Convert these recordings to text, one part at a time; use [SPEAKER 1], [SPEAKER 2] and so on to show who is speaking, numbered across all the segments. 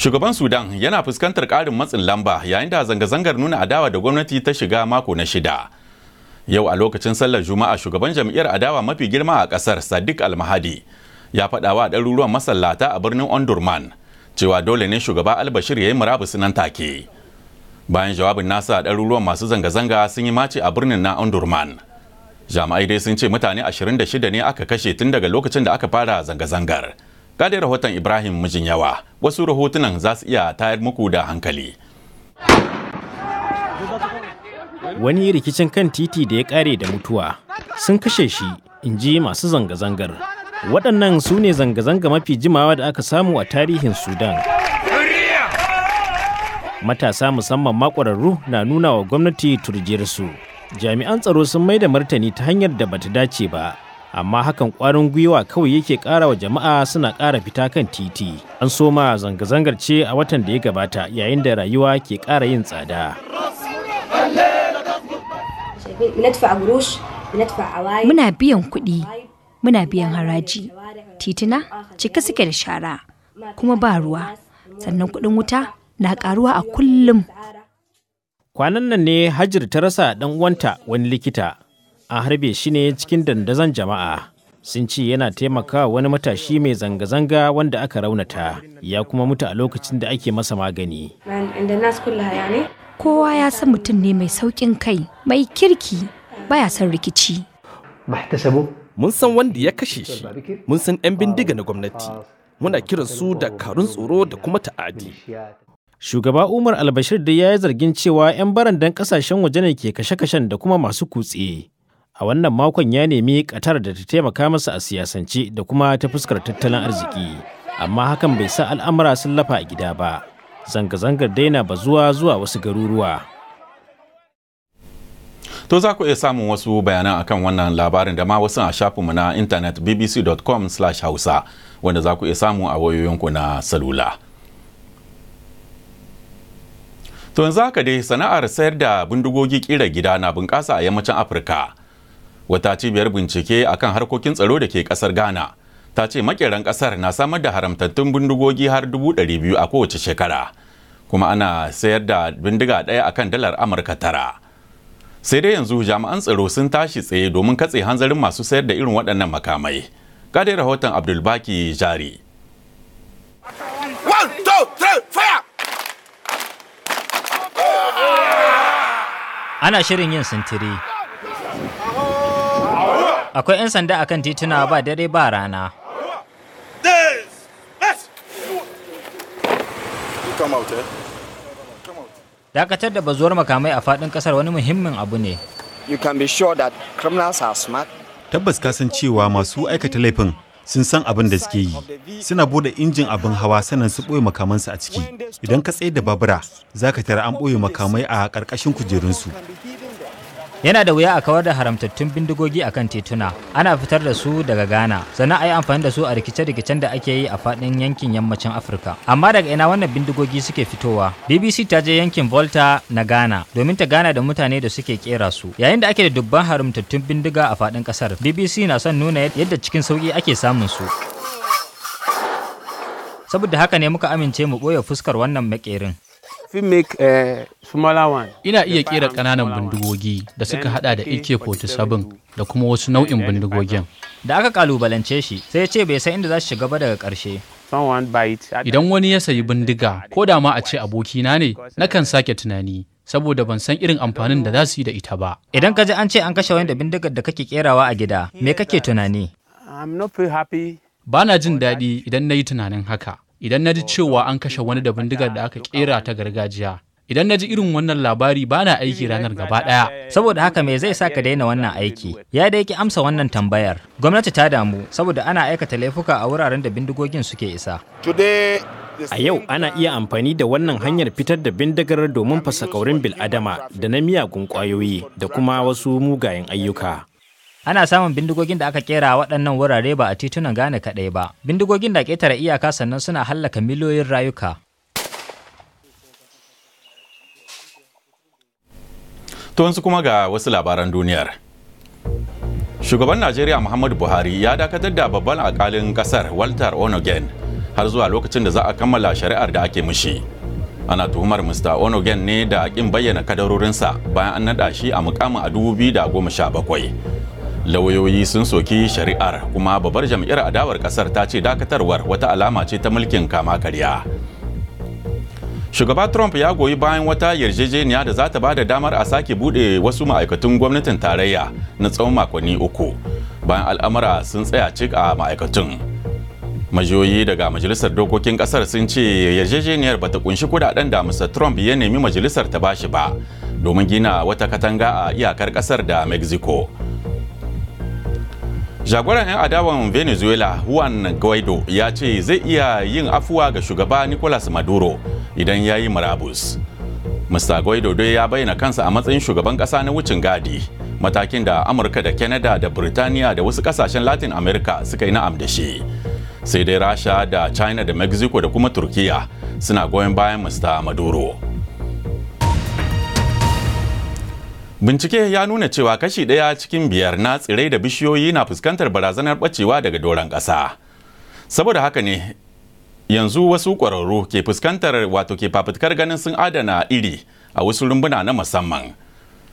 [SPEAKER 1] Shugaban Sudan yana fuskantar ƙarin matsin lamba yayin da zanga-zangar nuna adawa da gwamnati ta shiga mako na shida. Yau a lokacin sallar Juma'a shugaban jam'iyyar adawa mafi girma a ƙasar Sadiq Almahadi ya faɗa wa ɗaruruwan masallata a birnin Ondurman cewa dole ne shugaba Albashir ya yi murabus nan take. Bayan jawabin nasa ɗaruruwan masu zanga-zanga sun yi mace a birnin na Ondurman. Jami'ai dai sun ce mutane 26 ne aka kashe tun daga lokacin da aka fara zanga-zangar. Ga rahoton Ibrahim mijin yawa, wasu rahotunan za su iya tayar muku da hankali. Wani rikicin kan titi da ya ƙare da mutuwa sun kashe shi, in ji
[SPEAKER 2] masu zanga-zangar. Waɗannan su ne zanga-zanga mafi jimawa da aka samu a tarihin Sudan. Matasa musamman makwararru na nuna wa gwamnati turjiyarsu. Jami'an tsaro sun mai da martani ta hanyar da bata dace ba. amma hakan kwarin gwiwa kawai yake ƙara wa jama'a suna ƙara fita kan titi an soma zanga-zangar ce a watan da ya gabata yayin da rayuwa ke kara yin tsada
[SPEAKER 3] muna
[SPEAKER 4] biyan kuɗi muna biyan haraji titina cika suke da shara kuma ba ruwa sannan kuɗin wuta na karuwa a kullum
[SPEAKER 2] kwanan nan ne hajjir ta rasa dan uwanta wani likita a harbe shi ne cikin dandazon jama'a sun ce yana taimakawa wani matashi mai zanga-zanga wanda aka raunata ya kuma mutu a lokacin da ake masa magani
[SPEAKER 4] kowa ya san mutum ne mai saukin kai mai kirki baya son rikici
[SPEAKER 2] mun san wanda ya kashe shi mun san 'yan bindiga na gwamnati muna kiransu da karun tsoro da kuma ta'adi shugaba umar albashir da ya yi zargin cewa 'yan barandan kasashen waje ne ke kashe-kashen da kuma masu kutse a wannan makon ya nemi ƙatar da ta taimaka masa a siyasance da kuma ta fuskar tattalin arziki, amma hakan bai sa al'amura sun lafa a gida ba. Zanga-zangar daina ba zuwa zuwa wasu garuruwa.
[SPEAKER 1] To za ku iya samun wasu bayanan akan wannan labarin da ma wasu a shafinmu na intanet bbc.com/hausa wanda za ku iya samu a wayoyinku na salula. To yanzu haka dai sana'ar sayar da bindigogi kira gida na bunƙasa a yammacin Afirka wata cibiyar bincike akan harkokin tsaro da ke kasar ghana ta ce makeran kasar na samar da haramtattun bindigogi har dubu ɗari biyu a kowace shekara kuma ana sayar da bindiga ɗaya akan dalar amurka tara sai dai yanzu jami'an tsaro sun tashi tsaye domin katse hanzarin masu sayar da irin waɗannan makamai kadai rahoton abdulbaki jari
[SPEAKER 3] ana shirin yin sintiri Akwai 'yan sanda a kan tituna ba dare ba rana. Eh? Dakatar da bazuwar makamai a faɗin ƙasar wani muhimmin abu ne.
[SPEAKER 1] Tabbas ka san cewa masu aikata laifin sun san abin da suke yi suna bude injin abin hawa sannan su ɓoye makamansu a ciki idan ka tsaye da babura za ka tara an ɓoye makamai a ƙarƙashin kujerunsu
[SPEAKER 3] yana da wuya a kawar da haramtattun bindigogi a kan tituna ana fitar da su daga ghana sannan a yi amfani da su a rikice-rikicen da ake yi a faɗin yankin yammacin afirka amma daga ina wannan bindigogi suke fitowa bbc ta je yankin volta na ghana domin ta gana da mutane da suke kera su yayin da ake da dubban haramtattun bindiga a faɗin ƙasar bbc na son nuna yadda cikin sauki ake samun su saboda haka ne muka amince mu ɓoye fuskar wannan makerin
[SPEAKER 1] fi make eh, smaller one. Ina iya kera
[SPEAKER 3] kananan bindigogi da suka hada da AK-47 da kuma wasu nau'in bindigogin. Da aka kalubalance shi, sai ya ce bai san inda za su shiga ba daga karshe Idan wani ya sayi bindiga, ko da ma a ce abokina ne, nakan sake tunani. saboda ban san irin amfanin da za su yi da ita ba. Idan ka ji an ce an kashe wani da bindigar da kake kerawa a gida, me kake tunani? Ba na jin daɗi idan na yi tunanin haka. idan na ji oh, cewa an kashe wani da bindigar da aka kera ta gargajiya idan na ji irin wannan labari ba na aiki ranar gaba ɗaya. Saboda haka me zai sa ka daina wannan aiki? Ya da yake amsa wannan tambayar. Gwamnati ta damu saboda ana aikata laifuka a wuraren da bindigogin suke isa.
[SPEAKER 2] A yau ana iya amfani da wannan hanyar fitar da bindigar domin fasa kaurin bil'adama da na miyagun kwayoyi da kuma wasu mugayen ayyuka. Ana samun bindigogin da aka
[SPEAKER 3] kera waɗannan wurare ba a titunan gane kaɗai ba. Bindigogin da ƙetare iyaka sannan suna hallaka miliyoyin
[SPEAKER 1] rayuka. To kuma ga wasu labaran duniyar. Shugaban Najeriya Muhammadu Buhari ya dakatar da babban alkalin ƙasar Walter Onogen har zuwa lokacin da za a kammala shari'ar da ake mishi. Ana tuhumar Mr. Onogen ne da ƙin bayyana kadarorinsa bayan an naɗa shi a mukamin a 2017. lauyoyi sun soki shari'ar kuma babbar jam'iyyar adawar kasar ta ce dakatarwar wata alama ce ta mulkin kama karya shugaba trump ya goyi bayan wata yarjejeniya da za ta ba damar a sake bude wasu ma'aikatun gwamnatin tarayya na tsawon makonni uku bayan al'amura sun tsaya cik a ma'aikatun majiyoyi daga majalisar dokokin kasar sun ce yarjejeniyar bata kunshi kudaden da mr trump ya nemi majalisar ta bashi ba domin gina wata katanga a iyakar kasar da mexico jagoran 'yan adawan venezuela juan guaido ya ce zai iya yin afuwa ga shugaba nicolas maduro idan ya yi marabus mr guaido dai ya bayyana kansa a matsayin shugaban ƙasa na wucin gadi matakin da amurka da canada da Burtaniya da wasu ƙasashen latin america suka yi na'am da shi sai dai rasha da china da mexico da kuma turkiya suna goyon bayan mr maduro Bincike ya nuna cewa kashi ɗaya cikin biyar na tsirai da bishiyoyi na fuskantar barazanar ɓacewa daga doron ƙasa. Saboda haka ne yanzu wasu ƙwararru ke fuskantar wato ke fafutukar ganin sun adana iri a wasu rumbuna na musamman.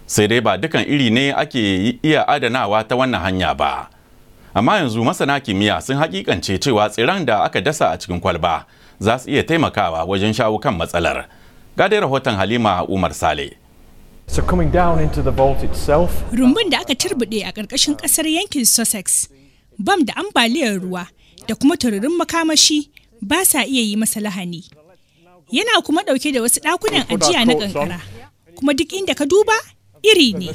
[SPEAKER 1] Sai dai ba dukan iri ne ake iya adanawa ta wannan hanya ba. Amma yanzu masana kimiyya sun hakikance cewa tsiran da aka dasa a cikin kwalba za su iya taimakawa wajen shawo kan matsalar. Ga rahoton Halima Umar Sale. So coming down into the Rumbun
[SPEAKER 4] da aka turbude a ƙarƙashin ƙasar yankin Sussex, bam da ambaliyar ruwa da kuma tururin makamashi ba sa iya yi masa lahani. Yana kuma ɗauke da wasu ɗakunan ajiya na ƙanƙara, kuma duk inda ka duba iri ne.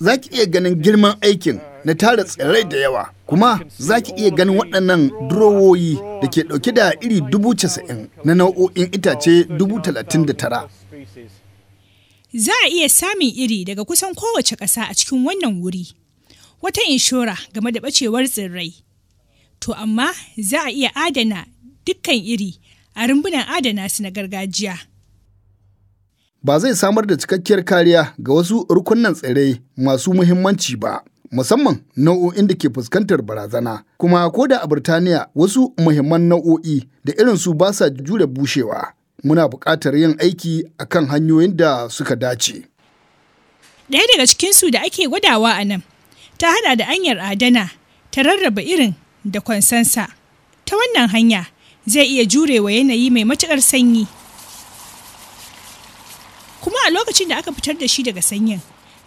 [SPEAKER 2] Za ki iya ganin girman aikin na tara tsirrai da yawa, kuma za ki iya ganin waɗannan durowoyi da ke ɗauke da iri dubu casa'in na nau'o'in itace dubu talatin da tara.
[SPEAKER 4] Za a iya samun iri daga kusan kowace ƙasa a cikin wannan wuri. Wata inshora game da ɓacewar tsirrai. To amma za a iya adana dukkan iri a rumbunan adana su na gargajiya.
[SPEAKER 2] Ba zai samar da cikakkiyar kariya ga wasu rukunan tsirrai masu muhimmanci ba. musamman nau'o'in da ke fuskantar barazana kuma ko da a Birtaniya wasu muhimman nau'o'i da irinsu ba sa jure bushewa muna buƙatar yin aiki a kan hanyoyin da suka dace.
[SPEAKER 4] Ɗaya daga cikinsu da ake gwadawa a nan ta hada da anyar adana ta rarraba irin da kwansansa. Ta wannan hanya zai iya jurewa yanayi mai matuƙar sanyi. Kuma a lokacin da aka fitar da shi daga sanyin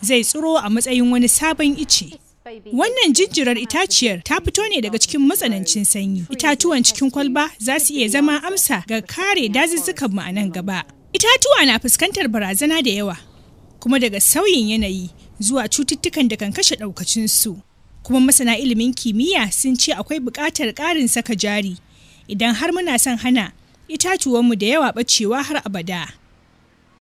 [SPEAKER 4] zai tsiro a matsayin wani sabon ice. Wannan jinjirar itaciyar ta fito ne daga cikin matsanancin sanyi. Itatuwan cikin kwalba za su iya zama amsa ga kare dazuzzukan mu a nan gaba. Itatuwa na fuskantar barazana da yawa, kuma daga sauyin yanayi zuwa cututtukan da kan kashe ɗaukacinsu. Kuma masana ilimin kimiyya sun ce akwai buƙatar ƙarin saka jari idan har muna son hana itatuwanmu da yawa ɓacewa har abada.